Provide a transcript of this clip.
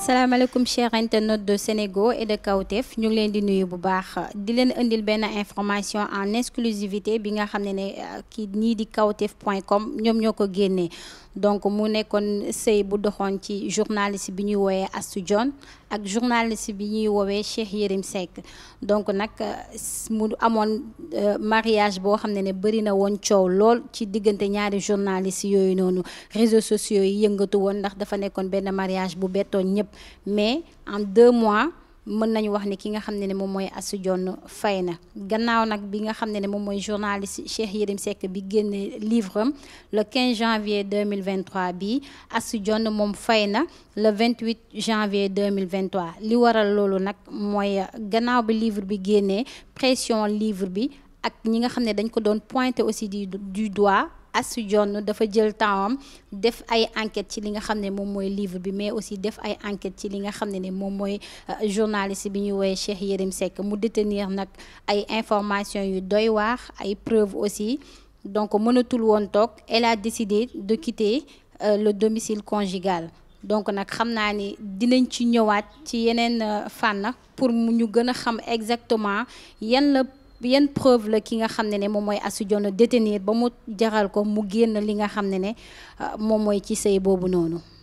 salaamaaleykum cher internautes de Sénégo et de Kawtef ñu ngi leen di nuyu bu baax di leen indil benn information en exclusivité bi nga xam ne ne euh, kii ñii di kawtef point com ñoom ñoo ko génnee donc mu nekkoon sëy bu doxoon ci journaliste bi ñuy woowee Astou Dione ak journaliste bi ñuy woowee Cheikh Yérim Seck donc nag mu amoon euh, mariage boo xam ne ne bëri na woon coow lool ci diggante ñaari journaliste yooyu noonu réseaux sociaux yi yëngatu woon ndax dafa nekkoon benn mariage bu bettoon ñëpp mais en deux mois mën nañu wax ni ki nga xam ne ne moom mooy Astou Dione Faye na gannaaw nag bi nga xam ne ne moom mooy journaliste Cheikh Yérim Seck bi génne livre am le 15 janvier 2023 bi assi Dione moom fay na le 28 janvier 2023 li waral loolu nag mooy gannaaw bi livre bi génnee pression livre bi ak ñi nga xam ne dañ ko doon pointer aussi du du doigt Astou Dione dafa jël temps def ay enquête ci li nga xam ne moom mooy livre bi mais aussi def ay enquête ci li nga xam ne ne moom mooy euh, journaliste bi ñuy woowee Cheikh Yérim Seck mu détenir nag ay information yu doy waax ay preuve aussi donc mënatul woon toog elle a décidé de quitter euh, le domicile conjugal donc nag xam naa ni dinañ ci ñëwaat ci yeneen euh, fànn pour mu ñu gën a xam exactement yan yan preuve la ki nga xam ne ne moom mooy Astou Dione niir ba mu jaral ko mu génn li nga xam ne ne euh, moom mooy ci sëy boobu noonu